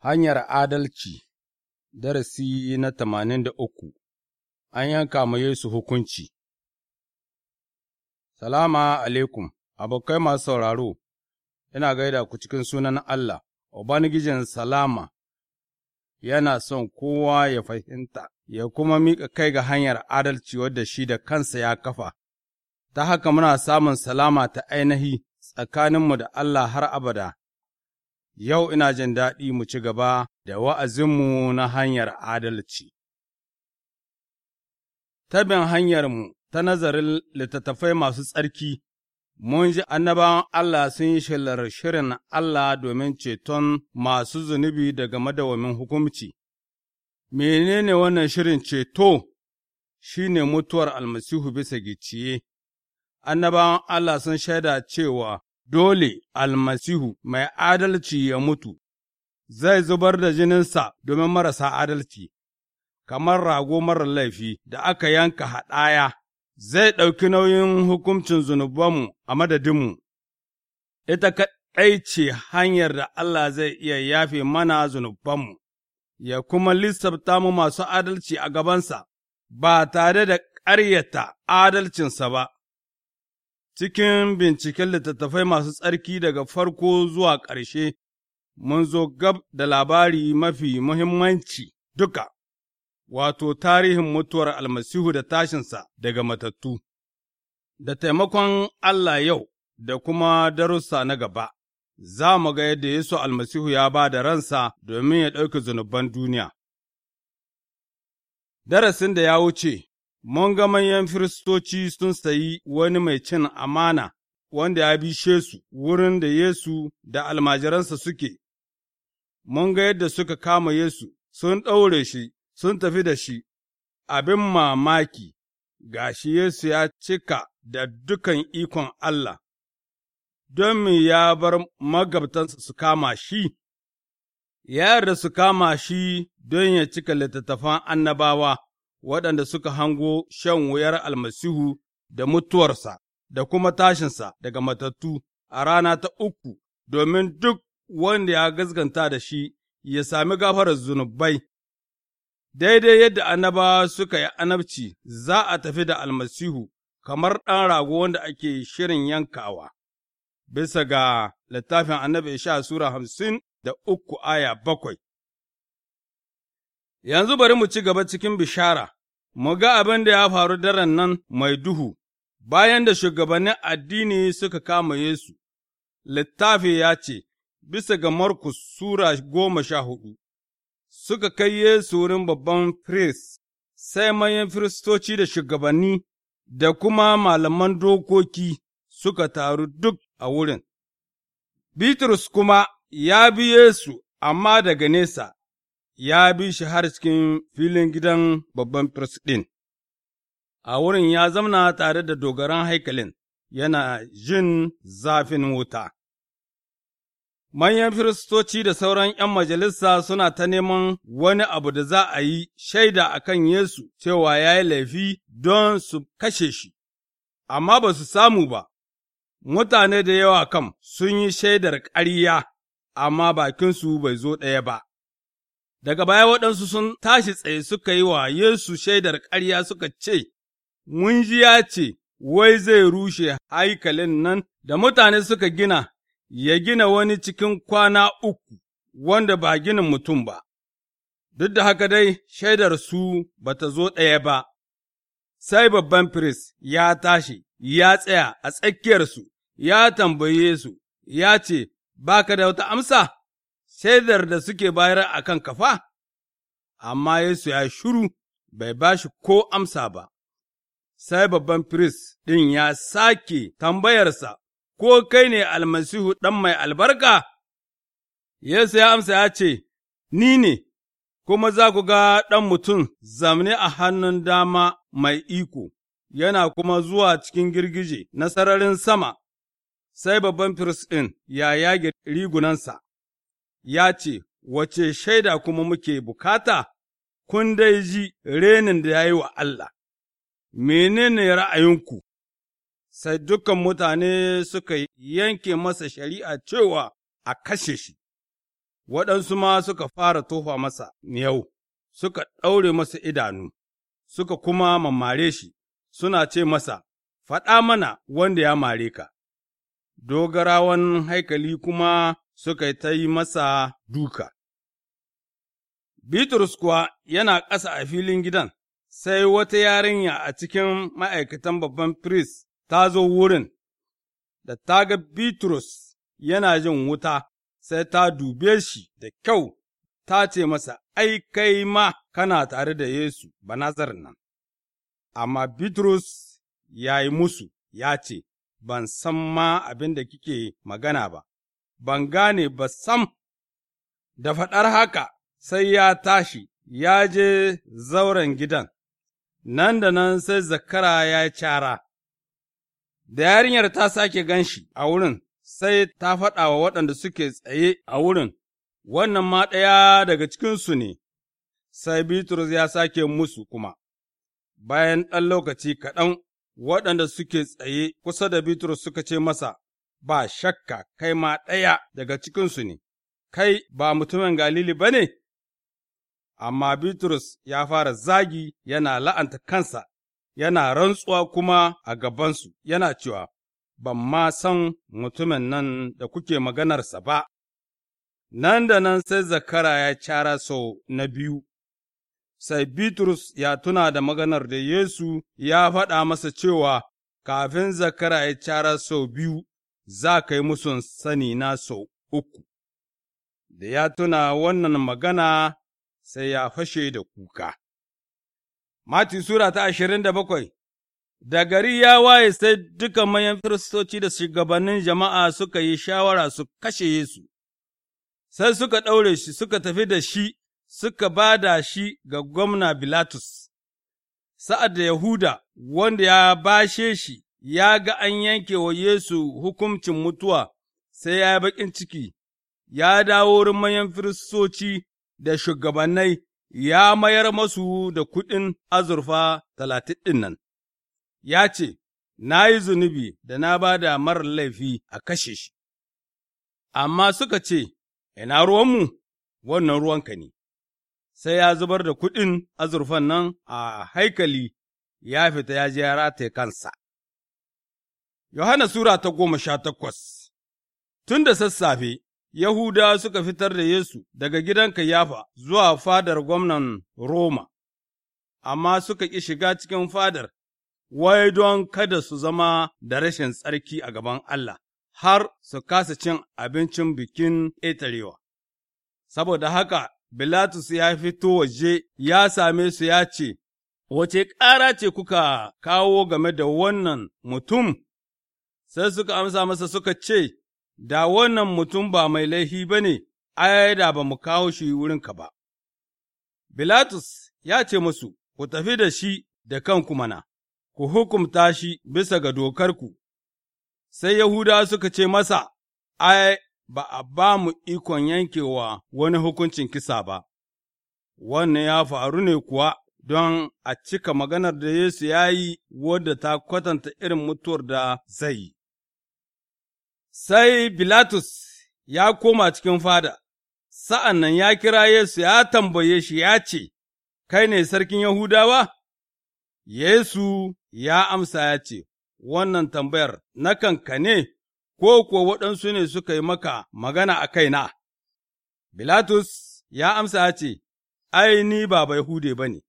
Hanyar adalci Darasi na tamanin da uku An yanka ma Yesu hukunci Salama alaikum, abokai masu sauraro, ina gaida ku cikin sunan Allah, Ubangijin Salama yana son kowa ya fahimta, ya kuma mika kai ga hanyar adalci wadda shi da kansa ya kafa, ta haka muna samun salama ta ainihi tsakaninmu da Allah har abada. Yau ina jin daɗi mu ci gaba da wa'azinmu na hanyar adalci. Tabin hanyarmu ta nazarin littattafai masu tsarki, mun ji annabawan Allah sun yi shelar shirin Allah domin ceton masu zunubi daga madawamin hukumci. Menene wannan shirin ceto? Shi ne mutuwar almasihu bisa gicciye. annabawan Allah sun shaida cewa dole almasihu mai adalci ya mutu, zai zubar da jininsa domin marasa adalci, kamar rago mara laifi da aka yanka haɗaya, zai ɗauki nauyin hukuncin zunubanmu a madadinmu. Ita kaɗai ce hanyar da Allah zai iya yafe mana zunubanmu, ya kuma lissafta mu masu adalci a gabansa, ba tare da ƙaryata adalcinsa ba. cikin binciken littattafai masu tsarki daga farko zuwa ƙarshe, mun zo gab da labari mafi muhimmanci duka, wato tarihin mutuwar almasihu da tashinsa daga matattu, da taimakon Allah yau da kuma darussa na gaba, za mu ga yadda Yesu almasihu ya ba da ransa domin ya ɗauki zunuban duniya. Darasin da ya wuce, mun ga manyan firistoci sun sayi wani mai cin amana wanda ya bishe su wurin da Yesu da almajiransa suke, mun ga yadda suka kama Yesu sun ɗaure shi sun tafi da shi, abin mamaki ga shi Yesu ya cika da dukan ikon Allah, don me ya bar magabtansa su kama shi, ya yarda su kama shi don ya cika littattafan annabawa. waɗanda suka hango shan wuyar almasihu da mutuwarsa da kuma tashinsa daga matattu a rana ta uku domin duk wanda ya gaskanta da shi ya sami gafarar zunubai. Daidai yadda annaba suka yi anabci za a tafi da almasihu kamar ɗan rago wanda ake shirin yankawa, bisa ga littafin annabi sha Sura hamsin da uku aya bakwai. Yanzu bari mu ci gaba cikin bishara, mu ga abin da ya faru daren nan mai duhu, bayan da shugabannin addini suka kama Yesu, littafi ya ce, bisa ga Markus Sura goma sha hudu, suka kai Yesu wurin babban firist, sai manyan firistoci da shugabanni da kuma malaman dokoki suka taru duk a wurin. Bitrus kuma ya bi Yesu amma daga nesa. ya bi shi har cikin filin gidan babban firistin. A wurin ya zamna tare da dogaran haikalin, yana jin zafin wuta. Manyan firistoci da sauran ’yan majalisa suna ta neman wani abu da za a yi shaida a kan Yesu cewa ya yi laifi don su kashe shi, amma ba su samu ba, mutane da yawa kam sun yi shaidar ƙarya, amma bakinsu bai zo ɗaya ba. Daga baya waɗansu sun tashi tsaye suka yi wa Yesu shaidar ƙarya suka ce, Mun ji ya ce, wai zai rushe haikalin nan da mutane suka gina, ya gina wani cikin kwana uku, wanda ba ginin mutum ba. Duk da haka dai shaidar su ba ta zo ɗaya ba, sai babban firist ya tashi, ya tsaya a tsakiyarsu, ya tambaye su, ya ce, Ba ka da wata amsa? shaidar da suke bayar a kan kafa? Amma Yesu ya shuru bai ba shi ko amsa ba, sai babban firist ɗin ya sake tambayarsa, Ko kai ne almasihu ɗan mai albarka? Yesu ya amsa ya ce, Ni ne, kuma za ku ga ɗan mutum zamne a hannun dama mai iko, yana kuma zuwa cikin girgije na sararin sama, sai babban firist ɗin ya yage rigunansa. ya ce, Wace shaida kuma muke bukata, kun dai ji renin da ya yi wa Allah, menene ra'ayinku? Sai dukan mutane suka yanke masa shari'a cewa a kashe shi, waɗansu ma suka fara tofa masa yau, suka ɗaure masa idanu, suka kuma mamare shi, suna ce masa, Faɗa mana wanda ya mare ka. Dogarawan haikali kuma suka yi ta yi masa duka. Bitrus kuwa yana ƙasa a filin gidan, sai wata yarinya a cikin ma'aikatan babban firist ta zo wurin, da ta ga Bitrus yana jin wuta, sai ta dube shi da kyau, ta ce masa, Ai, kai ma kana tare da Yesu, banazar nan. Amma Bitrus ya yi musu, ya ce, Ban san ma abin da kike magana ba. ban gane ba sam, da faɗar haka sai ya tashi ya je zauren gidan, nan da nan sai zakara ya cara. Da yarinyar ta sake gan shi a wurin, sai ta faɗa wa waɗanda suke tsaye a wurin, wannan ma ɗaya daga cikinsu ne, sai Bitrus ya sake musu kuma. Bayan ɗan lokaci kaɗan, waɗanda suke tsaye kusa da Bitrus suka ce masa, ba shakka kai ma ɗaya daga cikinsu ne, kai ba mutumin Galili ba ne? Amma Bitrus ya fara zagi yana la'anta kansa, yana rantsuwa kuma a gabansu, yana cewa, Ban ma san mutumin nan da kuke maganarsa ba. Nan da nan sai zakara ya cara sau na biyu, sai Bitrus ya tuna da maganar da Yesu ya faɗa masa cewa, Kafin zakara ya cara sau biyu za ka yi musun sani na sau uku. Da ya tuna wannan magana sai ya fashe da kuka. Mati Sura ta ashirin da bakwai Da gari ya waye sai duka manyan firistoci da shugabannin jama'a suka yi shawara su kashe Yesu, sai suka ɗaure shi suka tafi da shi suka ba da shi ga gwamna Bilatus, sa'ad da Yahuda wanda ya bashe shi ya ga an yanke wa Yesu hukuncin mutuwa, sai ya yi baƙin ciki, ya dawo wurin manyan firistoci da shugabannai, ya mayar masu da kuɗin azurfa talatin ɗin nan, ya ce, Na yi zunubi da na ba da marar laifi a kashe shi, amma suka ce, Ina ruwanmu, wannan ruwanka ne, sai ya zubar da kuɗin azurfan nan a haikali ya fita ya je ya rataye kansa. Yohana Sura ta goma sha takwas Tun da sassafe, Yahuda suka fitar da Yesu daga gidan Kayafa zuwa fadar gwamnan Roma, amma suka ƙi shiga cikin fadar, wai don kada su zama da rashin tsarki a gaban Allah, har su kasa cin abincin bikin ƙetarewa. Saboda haka, Bilatus ya fito waje ya same su ya ce, Wace ƙara ce kuka kawo game da wannan mutum sai suka amsa masa suka ce, Da wannan mutum ba mai laifi ba ne, ai, da ba mu kawo shi wurinka ba. Bilatus ya ce musu, Ku tafi da shi da kanku mana, ku hukumta shi bisa ga dokarku, sai Yahuda suka ce masa, Ai, ba a ba mu ikon yankewa wani hukuncin kisa ba, wannan ya faru ne kuwa don a cika maganar da Yesu ya yi wadda ta kwatanta irin mutuwar da zai yi. sai Bilatus ya koma cikin fada, sa'an nan ya kira Yesu ya tambaye shi ya ce, Kai ne sarkin Yahudawa? Yesu ya amsa ya ce, Wannan tambayar na kanka ne, ko kuwa waɗansu ne suka yi maka magana a kaina. Bilatus ya amsa ya ce, Ai, ni ba Yahude ba ne,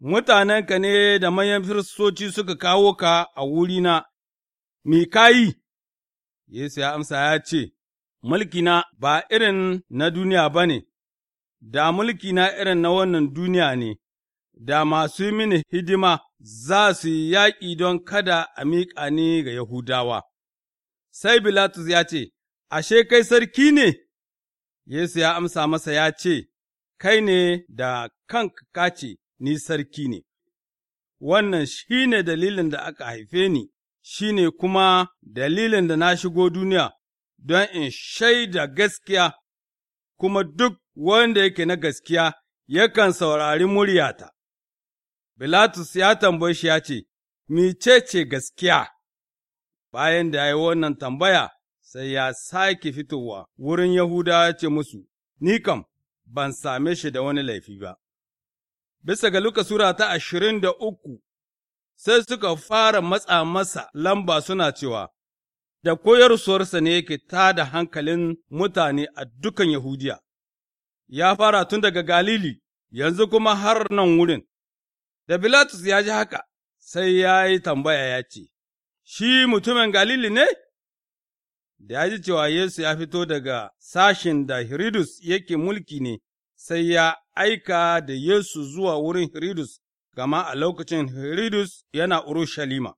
mutanenka ne da manyan firistoci suka kawo ka a wurina, Mikayi, Yesu ya amsa ya ce, Mulkina ba irin na duniya ba ne, da mulkina irin na wannan duniya ne, da masu mini hidima za su yi yaƙi don kada a miƙa ni ga Yahudawa. Sai Bilatus ya ce, Ashe, kai sarki ne? Yesu ya amsa masa ya ce, Kai ne da kanka kace ni sarki ne, wannan shi ne dalilin da aka haife ni, shi ne kuma dalilin da na shigo duniya don in shaida gaskiya, kuma duk wanda yake na gaskiya yakan saurari muryata. Bilatus ya tambayi shi ya ce, ce gaskiya? Bayan da ya yi wannan tambaya, sai ya sake fitowa wurin Yahuda ya ce musu, Ni kam, ban same shi da wani laifi ba. Bisa ga Luka Sura ta ashirin da uku, sai suka fara matsa masa lamba suna cewa, Da koyarsuwarsa ne yake ta da hankalin mutane a dukan Yahudiya, ya fara tun daga Galili, yanzu kuma har nan wurin. Da Bilatus ya ji haka, sai ya yi tambaya ya ce, Shi mutumin Galili ne? Da ya ji cewa Yesu ya fito daga sashen da Hiridus yake mulki ne, sai ya aika da Yesu zuwa wurin Hiridus gama a lokacin Ridus yana Urushalima.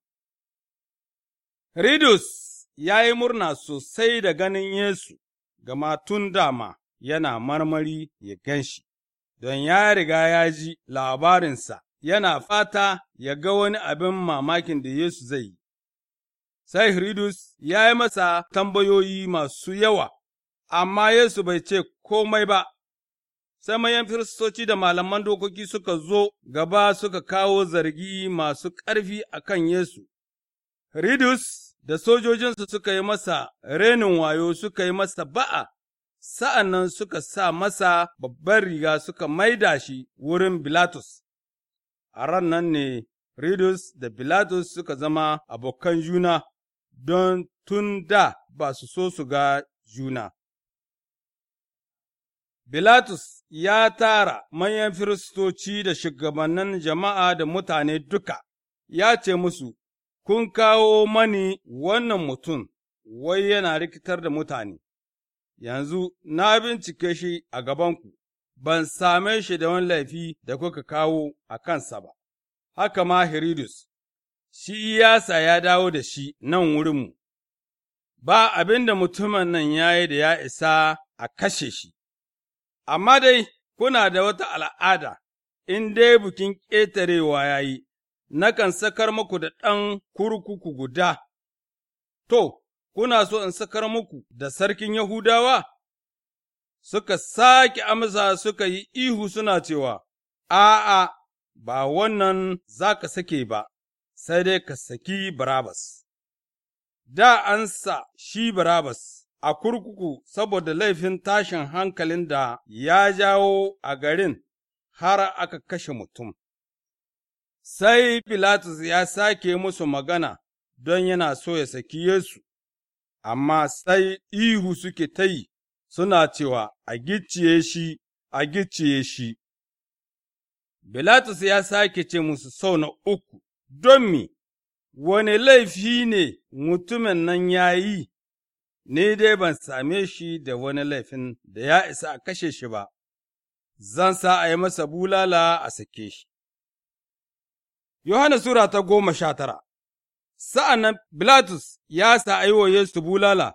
Ridus ya yi murna sosai da ganin Yesu, gama tun dama yana marmari ya gan shi, don ya riga ya ji labarinsa yana fata ya ga wani abin mamakin da Yesu zai yi. Sai Hiridus ya yi masa tambayoyi masu yawa, amma Yesu bai ce komai ba, sai mayan firistoci da malaman dokoki suka zo gaba suka kawo zargi masu ƙarfi a kan Yesu. Ridus da sojojinsu suka yi masa renin wayo suka yi masa ba'a, sa'an nan suka sa masa babban riga suka maida shi wurin Bilatus. A ran nan ne Ridus da Bilatus suka zama abokan juna don tun da ba su so su ga juna. Bilatus ya tara manyan firistoci da shugabannin jama'a da mutane duka, ya ce musu, Kun kawo mani wannan mutum, wai yana rikitar da mutane, yanzu na bincike shi a gabanku, ban same shi da wani laifi da kuka kawo a kansa ba, haka ma Hiridus, shi iyasa ya dawo da shi nan wurinmu, ba abin da mutumin nan ya yi da ya isa a kashe shi. amma dai kuna da wata al'ada, in dai bikin ƙetarewa ya yi, nakan sakar muku da ɗan kurkuku guda, to, kuna so in sakar muku da sarkin Yahudawa? Suka sake amsa suka yi ihu suna cewa, A'a, ba wannan za ka sake ba, sai dai ka saki Barabas. Da an sa shi Barabas. a kurkuku saboda laifin tashin hankalin da ya jawo a garin har aka kashe mutum. Sai Bilatus ya sake musu magana don yana so ya saki Yesu, amma sai ihu suke ta yi suna cewa a gicciye shi, a gicciye shi. Bilatus ya sake ce musu sau na uku, don mi. Wani laifi ne mutumin nan ya yi? ni dai ban same shi da wani laifin da ya isa a kashe shi ba, zan sa a yi masa bulala a sake shi. Yohana Sura ta goma sha tara Sa'an nan Bilatus ya sa a yi wa Yesu bulala,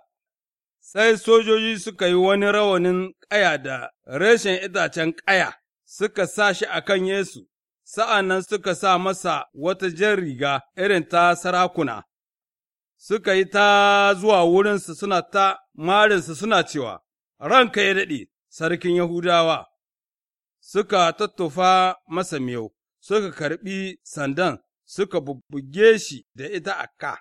sai sojoji suka yi wani rawanin ƙaya da reshen itacen ƙaya suka sa shi a kan Yesu, sa'an nan suka sa masa wata jan riga irin ta sarakuna. suka yi ta zuwa wurinsa suna ta marinsa suna cewa, Ranka ya daɗe, sarkin Yahudawa, suka tattofa masa miyau, suka karɓi sandan, suka buge shi da ita a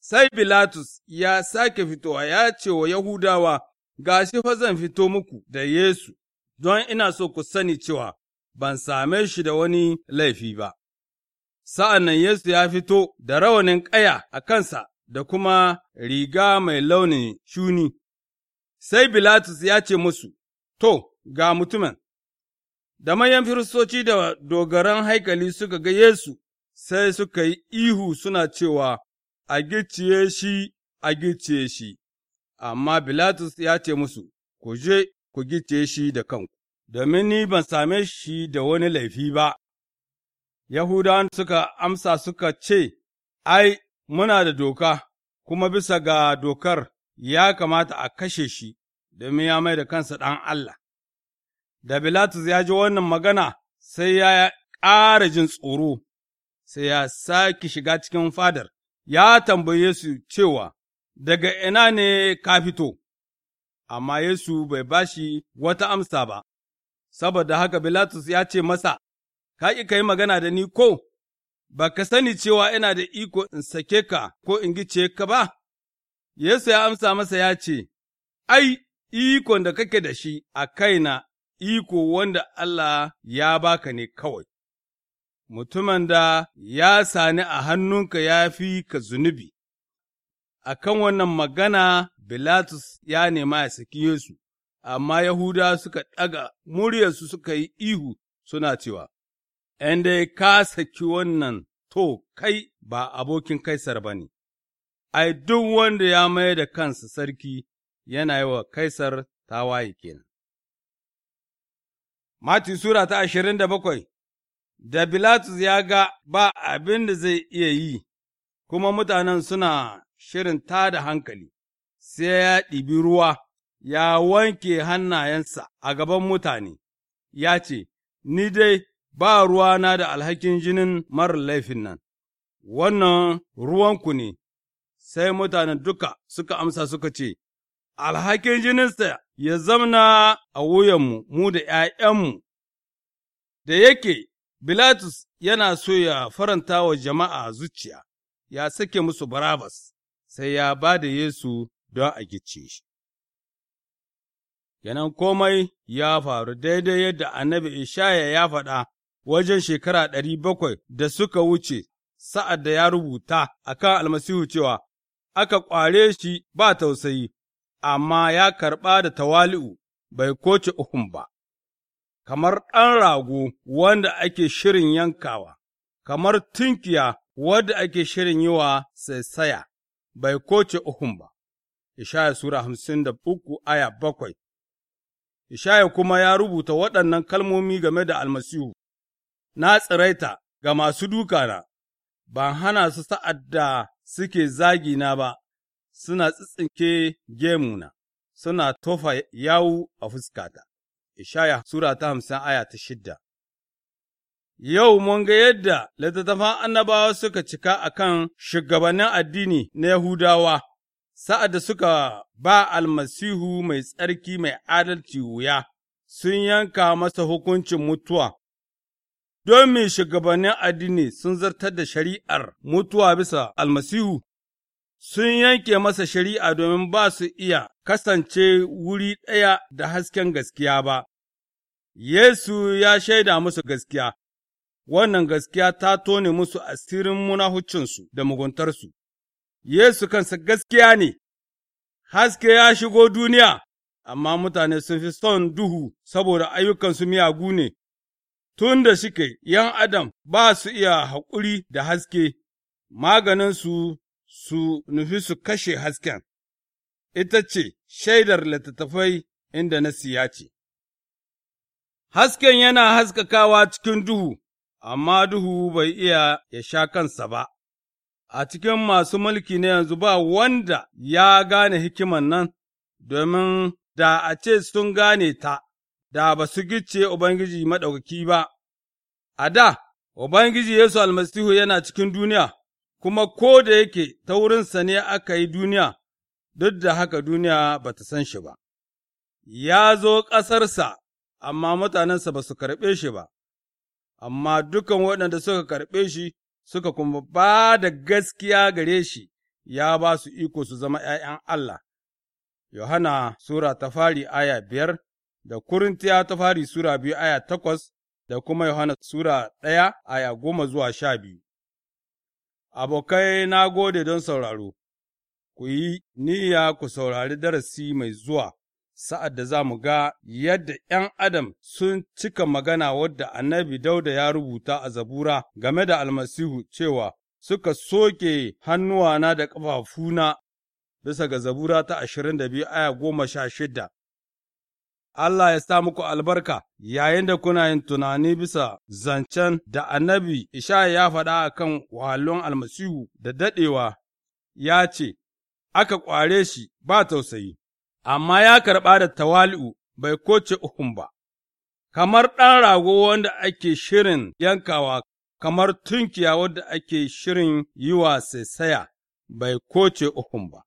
Sai Bilatus ya sake fitowa ya ce wa Yahudawa, 'Gashi fa zan fito muku da Yesu, don ina so ku sani cewa ban same shi da wani laifi ba. Sa'an nan Yesu ya fito da rawanin ƙaya a kansa da kuma riga mai launin shuni, sai Bilatus ya ce musu, To, ga mutumin, da manyan firistoci da dogaran haikali suka ga Yesu, sai suka yi ihu suna cewa, A gicciye shi, a gicciye shi, amma Bilatus ya ce musu, Ku je ku gicciye shi da kanku, domin ni ban same shi da wani laifi ba. Yahudawan suka amsa suka ce, Ai, muna da doka, kuma bisa ga dokar ya kamata a kashe shi, domin ya mai da kansa ɗan Allah. Da Bilatus ya ji wannan magana, sai ya ƙara jin tsoro, sai ya sake shiga cikin fadar, ya tambaye Yesu cewa, Daga ina ne ka fito, amma Yesu bai bashi wata amsa ba, saboda haka Bilatus ya ce masa, ka ƙi ka yi magana da ni ko, ba ka sani cewa ina da iko in sake ka ko in gice ka ba? Yesu ya amsa masa ya ce, Ai, ikon da kake da shi a kaina iko wanda Allah ya baka ne kawai, mutumin da ya sani a hannunka ya fi ka zunubi. A kan wannan magana, Bilatus ya nema ya saki Yesu, amma Yahuda suka ɗaga muryarsu suka yi ihu suna cewa, yan dai ka saki wannan to kai ba abokin Kaisar ba ne, ai, duk wanda ya mai da kansa sarki yana yi wa Kaisar tawaye kenan. Mati Sura ta ashirin da bakwai Da Bilatus ya ga ba abin da zai iya yi, kuma mutanen suna shirin ta da hankali, sai ya ɗibi ruwa, ya wanke hannayensa a gaban mutane, ya ce, Ni dai ba ruwa na da alhakin jinin marar laifin nan, wannan ruwanku ne, sai mutanen duka suka amsa suka ce, Alhakin jininsa ya zamna a wuyanmu, mu da ’ya'yanmu, da yake Bilatus yana so ya faranta wa jama'a zuciya, ya sake musu barabas, sai ya ba da Yesu don a gice shi. Kenan komai ya faru daidai yadda annabi Ishaya ya faɗa wajen shekara ɗari bakwai da suka wuce sa'ad da ya rubuta a kan almasihu cewa, Aka ƙware shi ba tausayi, amma ya karɓa da tawali'u bai koce uhun ba, kamar ɗan rago wanda ake shirin yankawa, kamar tunkiya wadda ake shirin yi wa saisaya, bai koce uhun ba. Ishaya Sura hamsin da uku aya bakwai Ishaya kuma ya rubuta waɗannan kalmomi game da almasihu. na tsiraita ga masu dukana, ban hana su sa'ad da suke zagina ba, suna tsitsinke gemuna, suna tofa yawu a fuskata. Ishaya Sura ta hamsin aya ta shidda Yau mun ga yadda littattafan annabawa suka cika a kan shugabannin addini na Yahudawa, sa'ad da suka ba almasihu mai tsarki mai adalci wuya, sun yanka masa hukuncin mutuwa Domin shugabannin addini sun zartar da shari'ar mutuwa bisa almasihu, sun yanke masa shari'a domin ba su iya kasance wuri ɗaya da hasken gaskiya ba. Yesu ya shaida musu gaskiya, wannan gaskiya ta tone musu asirin munahucinsu da muguntarsu. Yesu kansa gaskiya ne, haske ya shigo duniya, amma mutane sun fi son duhu saboda ayyukansu miyagu ne. tun da suke ’yan adam ba su iya haƙuri da haske, maganinsu su nufi su kashe hasken, ita ce shaidar littattafai inda na siya ce. Hasken yana haskakawa cikin duhu, amma duhu bai iya ya sha kansa ba, a cikin masu mulki na yanzu ba wanda ya gane hikiman nan, domin da a ce sun gane ta. da ba su gicce Ubangiji Maɗaukaki ba, a da, Ubangiji Yesu almasihu yana cikin duniya, kuma ko da yake ta wurinsa ne aka yi duniya, duk da haka duniya ba ta san shi ba. Ya zo ƙasarsa, amma mutanensa ba su karɓe shi ba, amma dukan waɗanda suka karɓe shi suka kuma ba da gaskiya gare shi, ya ba su iko su zama ’ya'yan Allah. Yohana Sura ta fari aya biyar da Kurintiya ta fari Sura biyu aya takwas da kuma Yohana Sura ɗaya aya goma zuwa sha biyu. Abokai na gode don sauraro, ku yi niyya ku saurari darasi mai zuwa, sa'ad da za mu ga yadda ’yan Adam sun cika magana wadda annabi Dauda ya rubuta a zabura game da almasihu cewa suka soke hannuwana da ƙafafuna bisa ga zabura ta ashirin da biyu aya goma sha shida Allah ya sa muku albarka yayin da kuna yin tunani bisa zancen da annabi Ishaya ya faɗa a kan wahalun almasihu da daɗewa, ya ce, Aka ƙware shi ba tausayi, amma ya karɓa da tawali'u bai koce uhun ba, kamar ɗan rago wanda ake shirin yankawa, kamar tunkiya wanda ake shirin yi wa saisaya bai koce uhun ba.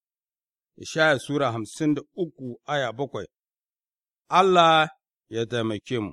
Ishaya Sura hamsin da uku aya bakwai Allah ya taimake mu.